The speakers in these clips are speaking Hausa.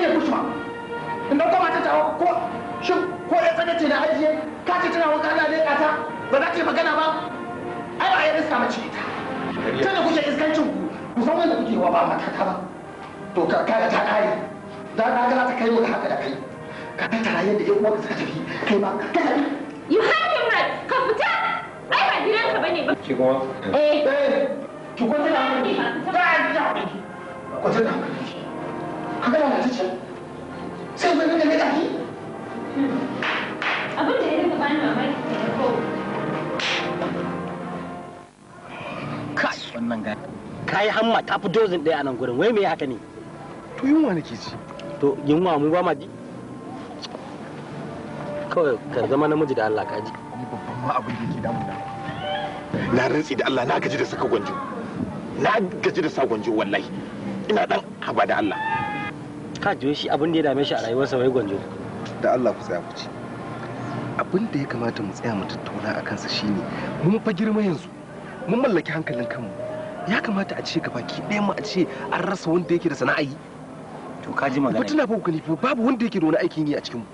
iya kusuma in ba mata ta tawo ko shi ko ya tsaka ce da ajiye ka ce tana wanka Allah ne ka ta ba za ta yi magana ba ai ba ya riska mace ita tunda kuke iskancin ku ku san wanda kuke wa ba matata ba to ka ka ta kare da ka ga ta kai mu haka da kai ka ta tara yadda ya ɗan ka suka tafi kai ma ka tafi you have him right ka fita ai ba gidan ka bane ba ki kuma eh eh ki kuma da hankali ka ta kwanta da ki ka gana da zuciya sai gwai maka gada ki abin da ya rika bani mamaki ne ko kai wannan ga kai hamma ta fi dozin ɗaya a nan gurin wai me haka ne to yunwa nake ci to yunwa mu ba ma ji kawai ka zama namiji da Allah ka ji ni babban ma abin da yake damuna na rantsi da Allah na gaji da saka gwanjo na gaji da sa gwanjo wallahi ina dan haba da Allah ka jiyo shi abin da ya dame shi a rayuwarsa wai gwanjo da Allah ku tsaya ku ci abin da ya kamata mu tsaya mu tattauna a kansa shine mun fa girma yanzu mun mallaki hankalin kanmu ya kamata a ce gabaki ɗaya mu a ce an rasa wanda yake da sana'a yi to ka ji magana mutuna babu gani babu wanda yake da wani aikin yi a cikin mu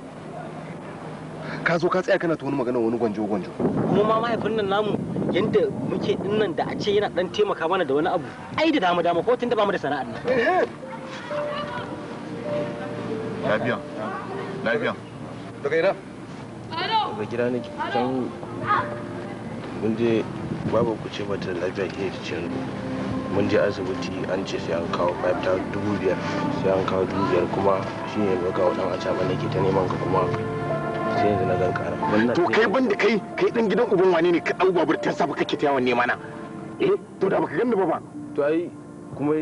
ka zo ka tsaya kana ta wani magana wani gwanjo gwanjo kuma ma mahaifin nan namu yanda muke dinnan da a ce yana dan taimaka mana da wani abu ai da dama dama ko tun da ba mu da sana'ar nan Lafiya. Lafiya. Daga ina? Daga gida nake. Can mun je babu ku ce mata lafiya ke cin mun je asibiti an ce sai an kawo 5,000 dubu biyar sai an kawo dubu biyar kuma shi ne ga kawo dan acaba nake ta neman ka kuma sai yanzu na gan kara. To kai ban da kai kai dan gidan uban wane ne ka dau babur tun safa kake ta yawan nema na. Eh to da baka ganni ba ba. To ai kuma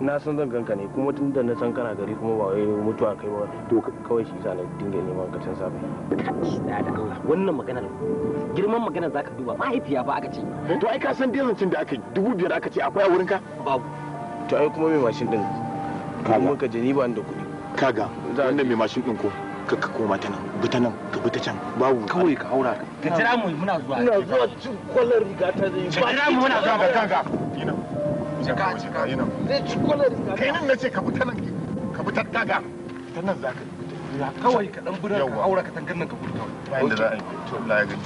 na san zan ganka ne kuma tun da na san kana gari kuma ba wai mutuwa kai ba to kawai shi sa na dinga neman ka can safe da Allah wannan maganar girman maganar zaka duba mahaifiya ba aka ce to ai ka san dezancin da aka yi dubu biyar aka ce akwai a wurin ka babu to ai kuma mai mashin din kaga ka je ni ba da kuɗi kaga wannan mai mashin din ko ka ka koma ta nan bi ta nan ka bi ta can babu kawai ka haura ka jira mu muna zuwa ina zuwa cikin kwallon riga ta zai ba ka jira mu muna zuwa ga kanka jaka jaka yi nan zai ci kai nan nace ka fita nan ka fita ta nan zaka ya kawai ka dan bura ka aura ka tangar nan ka fita kawai. inda za a yi to Allah ya gani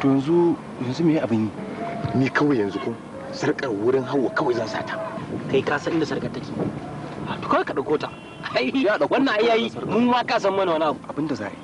to yanzu yanzu me abin yi ni kawai yanzu ko sarkar wurin hawa kawai zan sata kai ka san inda sarkar take to kawai ka dauko ta ai wannan ai yayi mun ma ka san mana wani abu abin da za a yi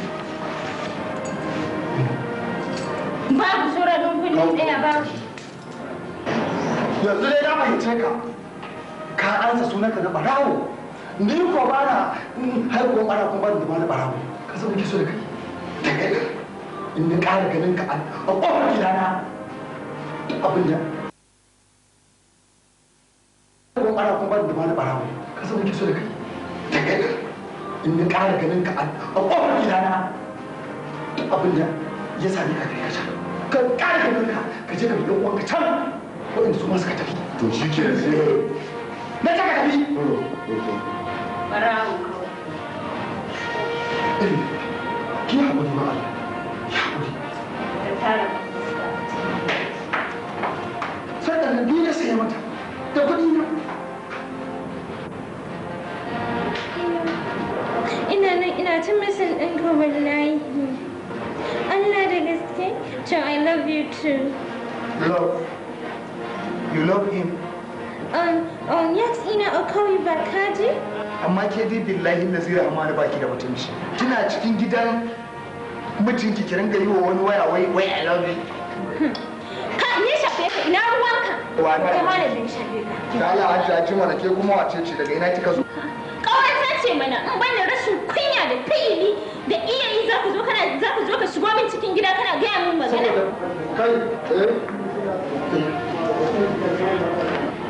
Babu sura ɗin kullum ɗaya ba. Yanzu dai a fahimce ka. Ka ansa sunanka na barawo. Ni ko ba na mm, haihuwar bara kuma da ba na barawo. Ka san kike so da kai. In na ƙara ganin ka a ƙofar gidana. Abin da. Haihuwar bara kuma da ba na barawo. Ka san kike so da kai. In na ƙara ganin ka a ƙofar gidana. Abin da. ya sami ka gare ka ka ƙara gaban ka ka je ka yi ɗan ka can waɗanda su ma suka tafi to shi ke na ta ka tafi barawo eh, ki haƙuri ma Allah ki haƙuri to? Love. You love him? Um, um, yes, ina Amma ke dai billahi nazira amma baki da mutunci. Kina cikin gidan mutunki ki ringa yi wa wani waya wai wai I love you. Hmm. Ka ne shafe ka ina ruwanka? Wa ka? Kai shafe ka. Da Allah hajji hajji mana ke kuma wace ce daga ina kika zo? Kawai ta ce mana in ban da kaini da iyayi za ka zo kana za ka zo ka shigo min cikin gida kana gaya min magana kai ya eh?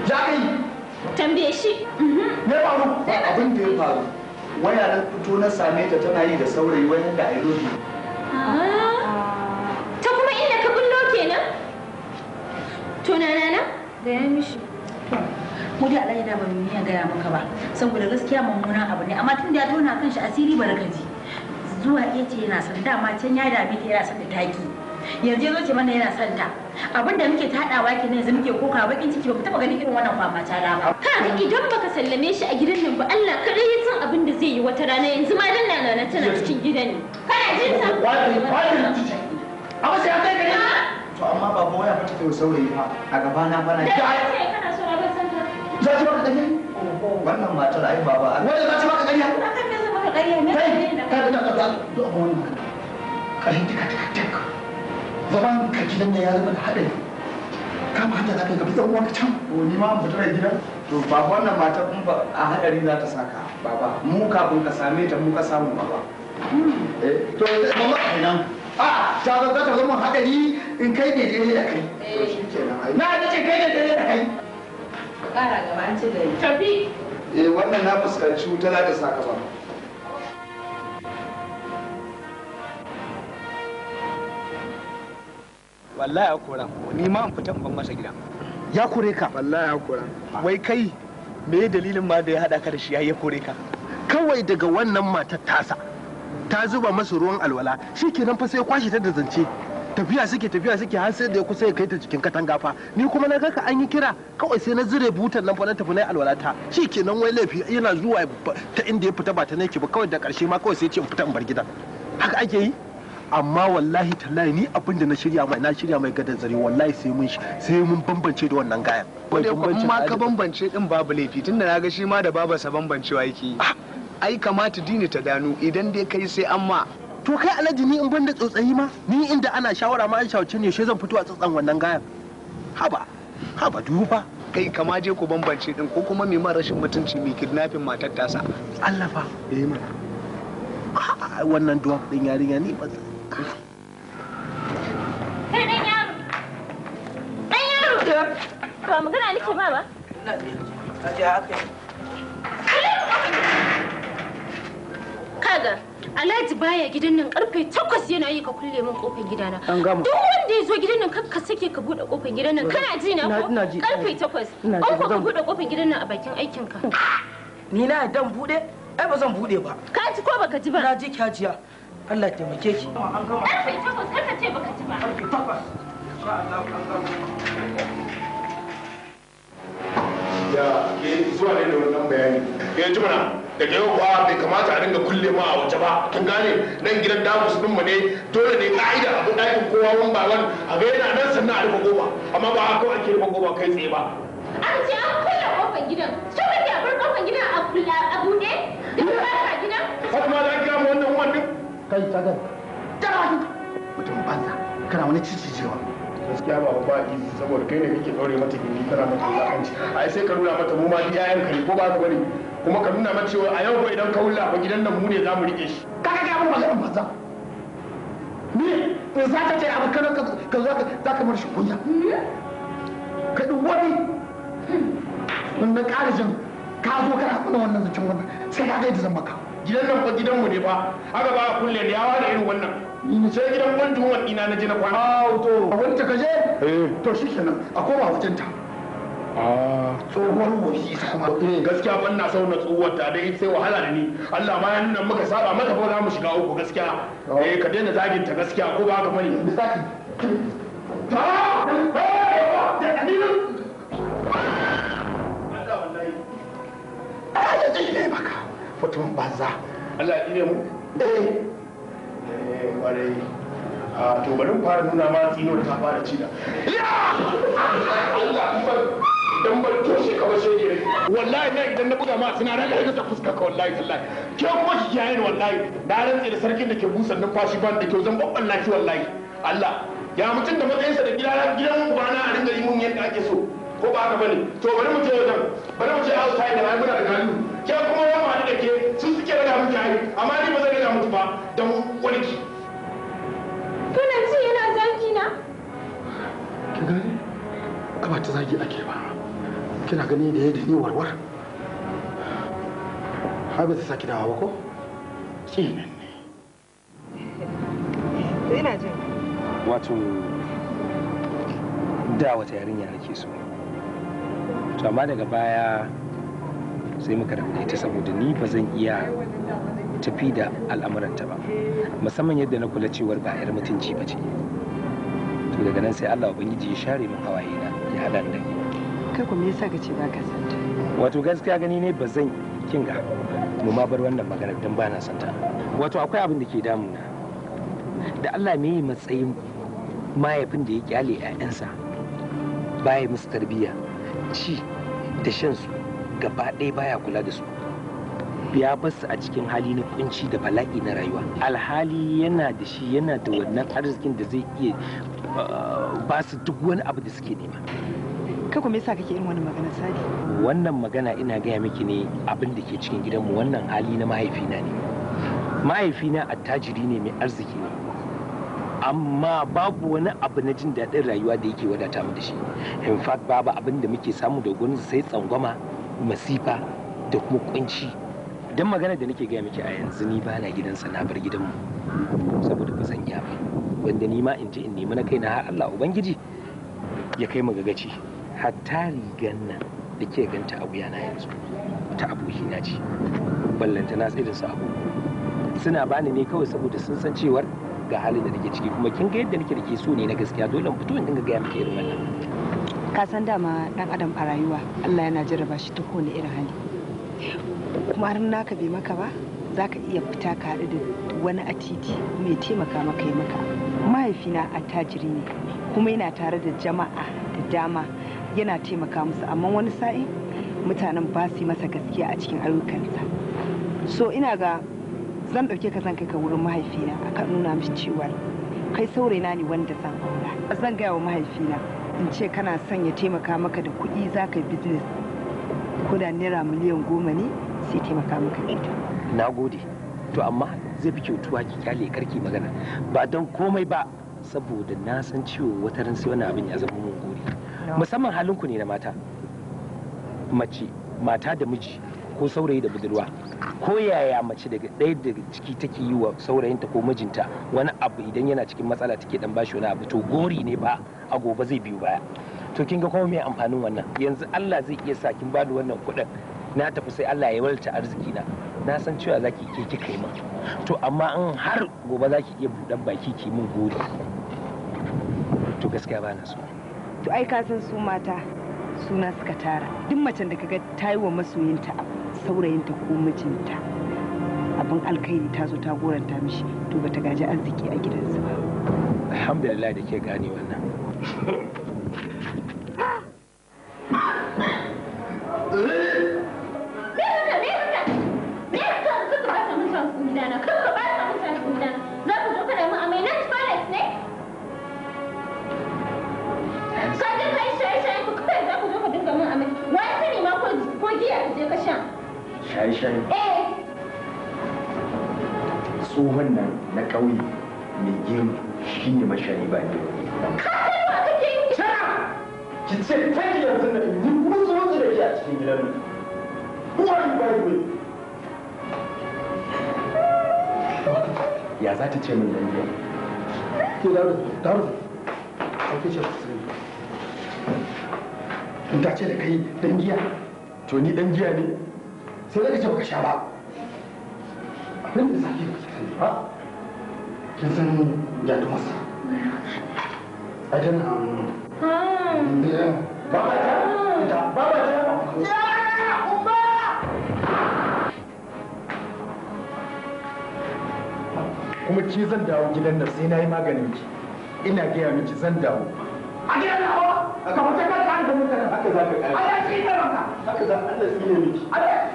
kai tambaye shi mm-hmm. me faru abin da ya faru waya na fito na same ta tana yi da saurayi wani da i love ah. ta kuma inda ka bullo kenan tunana na da ya mishi ko dai alhaji da ban ya gaya maka ba saboda gaskiya mummunan abu ne amma tun da ya tona kan shi asiri kaji zuwa iya ce yana son dama can ya dame ta yana son da taki yanzu ya ce mana yana son ta abin da muke tadawa ke yanzu muke koka bakin ciki ba mu taɓa ganin irin wannan kwama ta ba. ka idan baka sallame shi a gidan nan ba Allah kadai ya san abin da zai yi wata rana yanzu ma dan nan na tana cikin gidan ne kana jin sa amma sai an kai gari to amma babu waya ba ta saurayi a gaba na bana ta ci maka ƙarya wannan matar ai baba wanda ta ci maka ƙarya kai ka ta ta ta duk abu wannan ƙarya tika tika tika zaman ka gidan da ya zama da haɗari kama hanta za ka gabi ɗan uwanka can to ni ma fita da gidan to ba wannan matar in ba a haɗari za ta saka baba mu kafin ka same ta mu ka samu baba eh, to mama kenan a ta zama haɗari in kai ne daidai da kai to shikenan na ta ce kai ne daidai da kai kara gaban ci ce da tafi eh wannan na fuskanci wuta za ta saka ba wallahi ya kora ni ma an fita ban masa gida ya kore ka wallahi ya kora wai kai me dalilin ma da ya hada ka da shi ya kore ka kawai daga wannan matar tasa ta zuba masa ruwan alwala shikenan fa sai kwashe ta da zance tafiya suke tafiya suke har sai da ya kusa ya kai ta cikin katanga fa ni kuma na ka an yi kira kawai sai na zire butan nan fa na tafi na alwalata shi kenan wai laifi yana zuwa ta inda ya fita ba ta nake ba kawai da karshe ma kawai sai ce in fita in bar gidan haka ake yi amma wallahi tallahi ni abin da na shirya mai na shirya mai gadan zare wallahi sai mun sai mun bambance da wannan gayan bai bambance amma ka bambance din babu laifi tunda na ga shi ma da babarsa bambancewa yake ah. ai kamata dini ta gano idan dai kai sai amma to kai alhaji ni in ban da tsotsayi ma ni inda ana shawara ma an shawarce ne shi zan fito a tsotsan wannan gayan haba haba dufa kai kama je ku bambance din ko kuma me mara rashin mutunci mai kidnapping matar tasa Allah fa eh mana wannan duwaf din yarinya ni ba kai dan yaro dan yaro ba magana nake ba ba ina ne aje haka Alhaji baya gidan nan karfe takwas yana yi ka kulle min kofar gidana. An gama. Duk wanda ya zo gidan nan ka sake ka bude kofar gidan nan kana ji na ko? ji. Karfe takwas. Ina ji. ka bude kofar gidan nan a bakin aikin ka. Ni na dan bude? Ai ba zan bude ba. Ka ji ko baka ji ba? Na ji ka ya. Allah ya taimake ki. An gama. Karfe takwas karka ce baka ji ba. Karfe takwas. Insha Allah an gama. Ya, ke zuwa ne da wannan bayani. Ke ji mana. daga yau ba bai kamata a dinga kulle ma a waje ba kin gane nan gidan damus din mu ne dole ne ka'ida abu da ɗakin kowa wan ba wan a ga yana nan sannan a rufe goma amma ba haka ake rufe goma kai tsaye ba an ce an kulle kofar gidan so kake a bar kofar gidan a kula a bude da ba ka gidan fatima za ki mu wannan wannan kai ta gan tara mutum banza kana wani cicijewa gaskiya ba ba izi saboda kai ne kake daure mata gindi tana mata lakanci ai sai ka nuna mata mu ma iyayen ka ne ko ba ka bari kuma ka nuna mata cewa a yau ko idan ka wulla ba gidan nan mu ne za mu rike shi kaga ga abin maganar maza ni in za ta ce abu kana ka zo ka za ka marshi kunya ka ɗin wani wannan ƙara jin ka zo kana kuna wannan zancen wannan sai ka ga yadda zan maka gidan nan ba gidan mu ne ba haka ba kulle ne ya ware irin wannan sai gidan wanda wani ina na je na kwana. a wuto Wanda ka je? Eh. To shikenan, a koma wajen ta. tsohon moshi kuma gaskiya ban na na tsohuwar ta dai sai wahala da ni Allah ma yan nan muka saba mata za mu shiga uku gaskiya eh ka daina zagin ta gaskiya ko ba ka bane misaki eh, ah, to bari mu fara nuna ma tsino da ta fara ci ya Allah dan bar toshe kamar bashe ne wallahi na idan na buga ma suna raga da ta fuska ka wallahi wallahi ke kuma ki yayin wallahi na rantse da sarkin da ke busan na ban da kyau zan babban lafi wallahi Allah ya mutum da matsayinsa da gidan gidan bana a ringa yi mun yadda ake so ko ba haka bane to bari mu je wajen bari mu je outside da muna da galu ke kuma wani ma da ke su suke raga miki ayi amma ni ba zan raga muku ba dan walki kana ce yana zaki na ki gane ba ta zagi ake ba kina gani da yadda ni warwar har ba ta saki dawa ba ko tsinan ne ina jin wato da wata yarinya nake so to amma daga baya sai muka rabu ta saboda ni ba zan iya tafi da al'amuranta ba musamman yadda na kula cewar ba 'yar mutunci ba ce to daga nan sai allah ubangiji ya share min hawaye na ya haɗa da kai me yasa ka ce ka san ta wato gaskiya gani ne ba zan kin ga mu ma bar wannan maganar dan ba na san ta wato akwai abin da ke damuna da Allah me yi matsayin mahaifin da ya kyale ƴaƴansa baya musu tarbiyya ci da shan su gaba ɗaya baya kula da su ya basu a cikin hali na kunci da bala'i na rayuwa alhali yana da shi yana da wannan arzikin da zai iya eh, ba su duk wani abu da suke nema kai kuma yasa kake irin wani magana sadi wannan magana ina gaya miki ne abin da ke cikin gidanmu wannan hali na mahaifina ne mahaifina attajiri ne mai arziki ne amma babu wani abu na jin daɗin rayuwa da yake wadata mu da shi in fact babu abin da muke samu da gurin sai tsangwama masifa da kuma kunci dan magana da nake gaya miki a yanzu ni bana na gidansa na bar gidanmu saboda ba san iya ba wanda ni ma in ji in nemi na kaina har Allah ubangiji ya kai mu gagaci hatta rigan nan da ke ganta abu yana yanzu ta abokina ce ballanta na tsirin su abu suna bani ne kawai saboda sun san cewar ga halin da nake ciki kuma kin ga yadda nake da ke so ne na gaskiya dole in fito in dinga gaya miki irin wannan ka san dama dan adam a rayuwa Allah yana jarraba shi ta kowane irin hali kuma har naka bai maka ba za ka iya fita ka haɗu da wani a titi mai taimaka maka yi maka mahaifina attajiri ne kuma yana tare da jama'a da dama yana taimaka musu amma wani sa'in mutanen ba su yi masa gaskiya a cikin ayyukansa so ina ga zan ɗauke ka zan kai ka wurin mahaifina a kan nuna mishi cewa kai saurayina ne wanda zan aura zan gaya wa mahaifina in ce kana son ya taimaka maka da kuɗi za ka yi business kuda naira miliyan goma ne sai taimaka maka ita na gode to amma zai fi kyautuwa ki kyale karki magana ba don komai ba saboda na san ciwo wata ran sai wani abin ya zama mun gori musamman halinku ne na mata mace mata da miji ko saurayi da budurwa ko yaya mace daga ɗaya daga ciki take yi wa saurayinta ko mijinta wani abu idan yana cikin matsala take dan bashi wani abu to gori ne ba a gobe zai biyu baya to kin ga kuma me amfanin wannan yanzu Allah zai iya sa kin bada wannan kuɗin na tafi sai Allah ya walta arziki na na san cewa zaki ke kika yi min to amma in har gobe zaki iya buɗan baki ki min gori to gaskiya ba na so to ai ka san su mata suna suka tara duk macen da kaga ta yi wa masoyinta saurayinta ko mijinta abin alkhairi ta zo ta goranta mishi to ta gaji arziki a gidansa ba alhamdulillah da ke gane wannan na ƙauye mai girma shi ne mashari ba ne ki ce take yanzu na yi musu musu da ke a cikin gidan mu. who are you by the ya za ta ce min dan yau ke da da ake ce su ta ce da kai dan giya to ni dan giya ne sai da ka ce baka sha ba abin da sake ba kin san ya ta masa a jan na hannu baba ta ita baba ta ya umma kuma ki zan dawo gidan nan sai na yi maganin ki ina gaya miki zan dawo a gidan nan ba ka fita ka ka da mutane haka za ka kai Allah shi ne maka haka za Allah shi ne miki Allah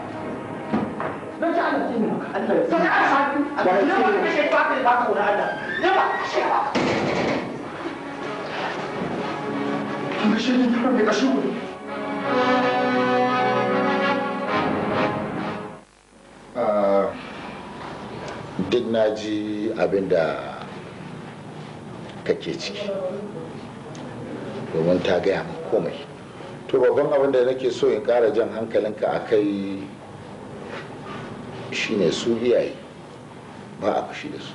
don ci Allah ce ne Allah ya sa ka a Allah ne ba kashe ba ka ba ka Allah ne ba kashe ba an kashe ni kuma bai kashe ku ah, duk na ji abin da kake ciki domin ta gaya komai to babban abin da nake so in kara jan hankalinka a kai shine su iyaye ba a fushi da su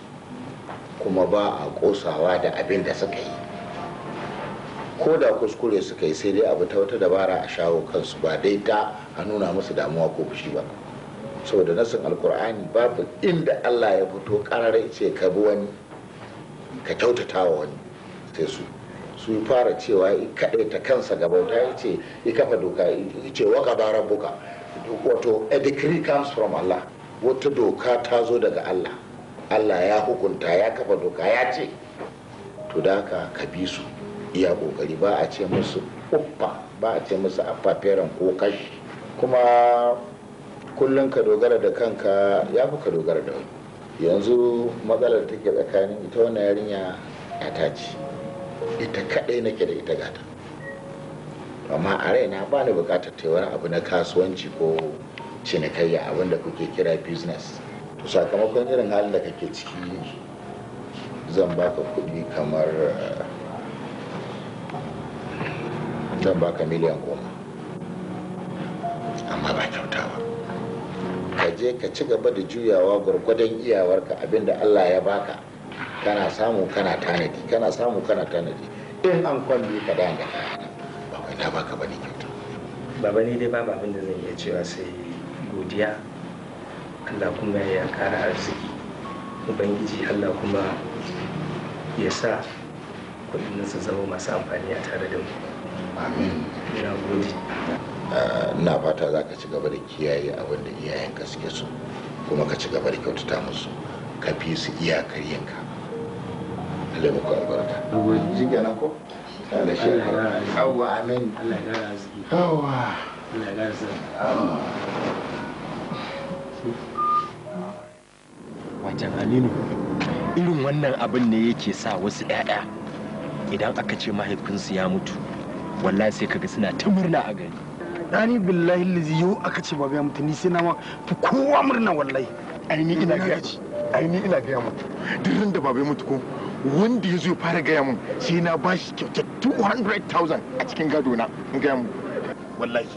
kuma ba a kosawa da abin da suka yi ko da kuskure suka yi sai dai abu ta wata dabara a shawo kansu ba dai ta a nuna musu damuwa ko fushi ba saboda nasin alkur'ani babu inda allah ya fito kararai ce ka bi wani ka kyautata wa wani sai su su fara cewa kaɗai ta kansa ga bauta ya ce ya kafa doka ya ce waka baran buka wato a decree comes from allah wata doka ta zo daga allah allah ya hukunta ya kafa doka ya ce to da ka ka bi su iya kokari ba a ce musu uffa ba a ce musu afaferen ko kashi kuma kullum ka dogara da kanka ya fi ka dogara da wani yanzu matsalar take tsakanin ita wannan yarinya ya ta ita kaɗai nake da ita gata amma a raina ba ni bukatar ta wani abu na kasuwanci ko cinikayya abin da kuke kira business to sakamakon irin halin da kake ciki zan baka kuɗi kamar zan baka miliyan goma amma ba kyauta ba ka je ka ci gaba da juyawa gwargwadon iyawarka abinda allah ya baka kana samu kana tanadi kana samu kana tanadi in an kwalli ka da kayana ba kai na baka bane kyauta baba bane dai babu abin da zan iya cewa sai godiya allah kuma ya kara arziki ubangiji allah kuma ya sa kudin su zama masu amfani a tare da mu na gode ah, na fata za ka ci gaba da kiyaye abin da iyayenka suke so kuma ka ci gaba da kyautata musu ka fi su iyakar yanka Allah muku albarka shi kenan ko Allah shi amin Allah ya gara arziki Allah ya gara arziki wajen aminu irin wannan abin ne yake sa wasu 'ya'ya idan aka ce mahaifinsu ya mutu wallahi sai kaga suna ta murna a gari dani billahi lizi yau aka ce babu ya mutu ni sai na ma fi kowa murna wallahi aini ina gaya aini ina gaya mu duk da babu ya mutu ko wanda ya zo ya fara gaya mun sai na ba shi kyauta 200,000 a cikin gado na in gaya mu wallahi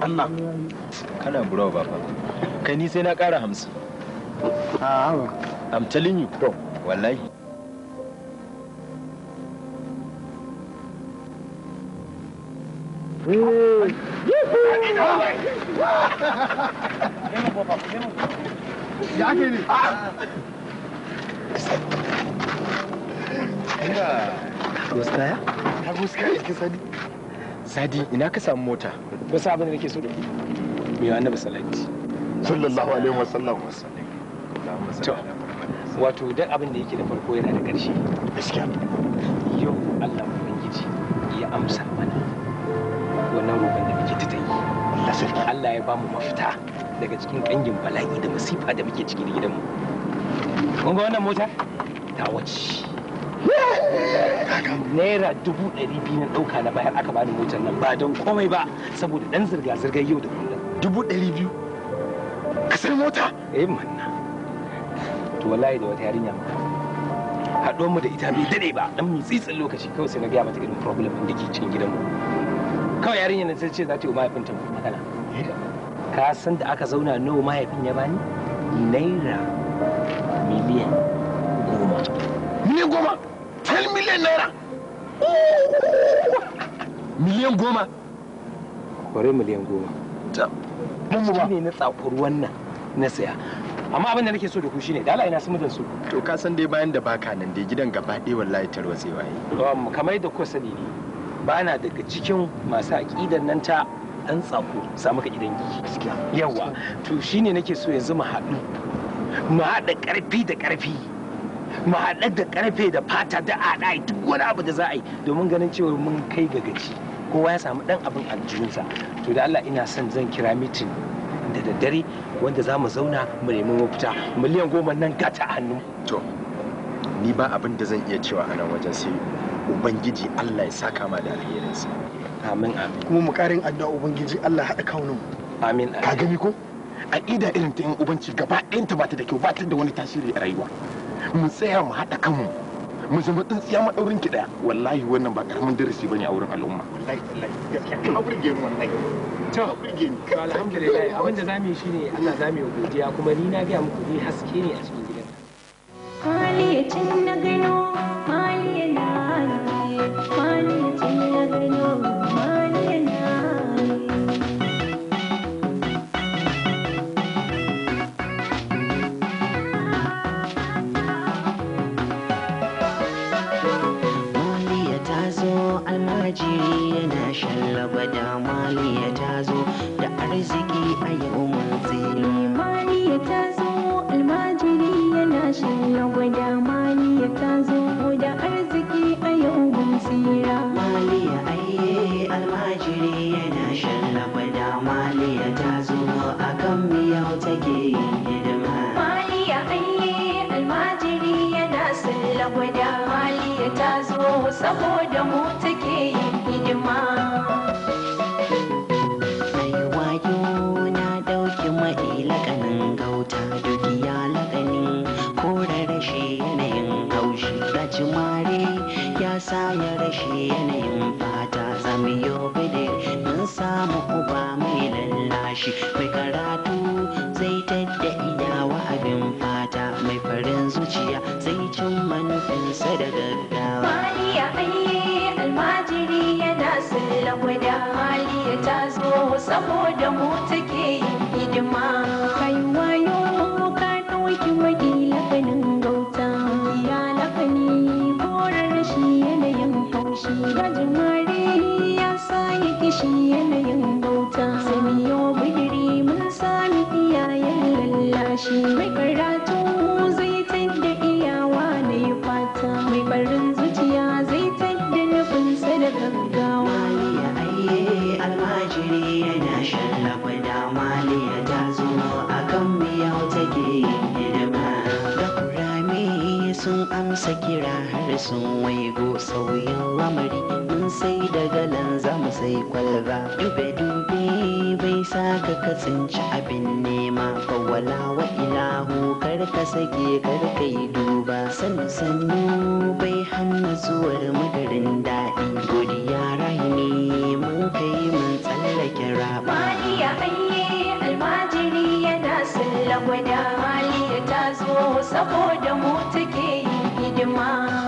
Allah kana burawa baba kai ni sai na kara hamsin Ah, I'm telling you. To. Wallahi. Ya sadi. Sadi, ina ka samu mota? Wasu abin da nake so da ku. Mai annabi salati. Sallallahu alaihi wasallam wasallam. wato duk abin da yake da farko yana da ƙarshe gaskiya yau Allah ubangiji ya amsa mana wannan roƙon da muke ta yi Allah ya bamu mafita daga cikin kangin bala'i da masifa da muke cikin gidanmu kun ga wannan mota ta wace naira dubu ɗari biyu na ɗauka na bayar aka bani motar nan ba don komai ba saboda ɗan zirga-zirgar yau da kullum dubu ɗari biyu Kasar mota eh manna to wallahi da wata yarinya ma haɗuwar mu da ita bai dade ba dan mu tsitsin lokaci kawai sai na gaya mata irin problem din da ke cikin gidanmu kawai yarinya nan sai ce za ta yi wa mahaifinta magana eh? ka san da aka zauna nawa mahaifin ya bani naira miliyan goma miliyan goma Tal miliyan naira miliyan goma kware miliyan goma ne na tsakuwar wannan na saya amma abin da nake so da ku shine da Allah ina sun su to ka san dai bayan da baka nan dai gidan gaba ɗaya wallahi tarwatsewa yi kamar da ku sani ne ba na daga cikin masu aqidar nan ta dan tsako samu ka gidan gi yawa to shine nake so yanzu mu haɗu mu haɗa ƙarfi da ƙarfi mu haɗa da ƙarfe da fata da aɗa duk wani abu da za a yi domin ganin cewa mun kai ga gaci kowa ya samu ɗan abin aljihunsa to da Allah ina son zan kira mitin da daddare wanda za mu zauna mu nemi mafita miliyan goma nan gata hannu to ni ba abin da zan iya cewa a nan wajen sai ubangiji allah ya saka ma da alherinsa amin amin kuma mu karin addu'a ubangiji allah haɗa kaunin amin ka gani ko aƙida irin ta yin ubanci gaba ɗayanta ba ta da kyau ba ta da wani tasiri a rayuwa mu tsaya mu haɗa kanmu mu zama tsintsiya maɗaurin ki ɗaya wallahi wannan ba ƙaramin darasi bane a wurin al'umma wallahi wallahi gaskiya kan auren gemu wallahi to alhamdulillah abinda za mu yi ne Allah za mu yi godiya kuma ni na gaya muku ni haske ne a cikin gidan haliyacin na gano haliyana na gano arziki ayo musayar shi yanayin fata zamiyo ne mun samu uba mai lallashi mai karatu zai tadda idawa abin fata mai farin zuciya zai cin manufinsa da gaggawa maliya almajiri yana maliya ta zo saboda mu take yin hidima kai wayo ka ɗauki maki labanin भजमा sai kwalba dube dube bai sa ka kasance abin nema fawwala wa ilahu kar ka sake kar ka yi duba sannu bai hana zuwar madarin daɗi godiya rahimi mun kai mun tsallake raba maliya ayye almajiri yana sulla gwada maliya ta zo saboda mu take yin hidima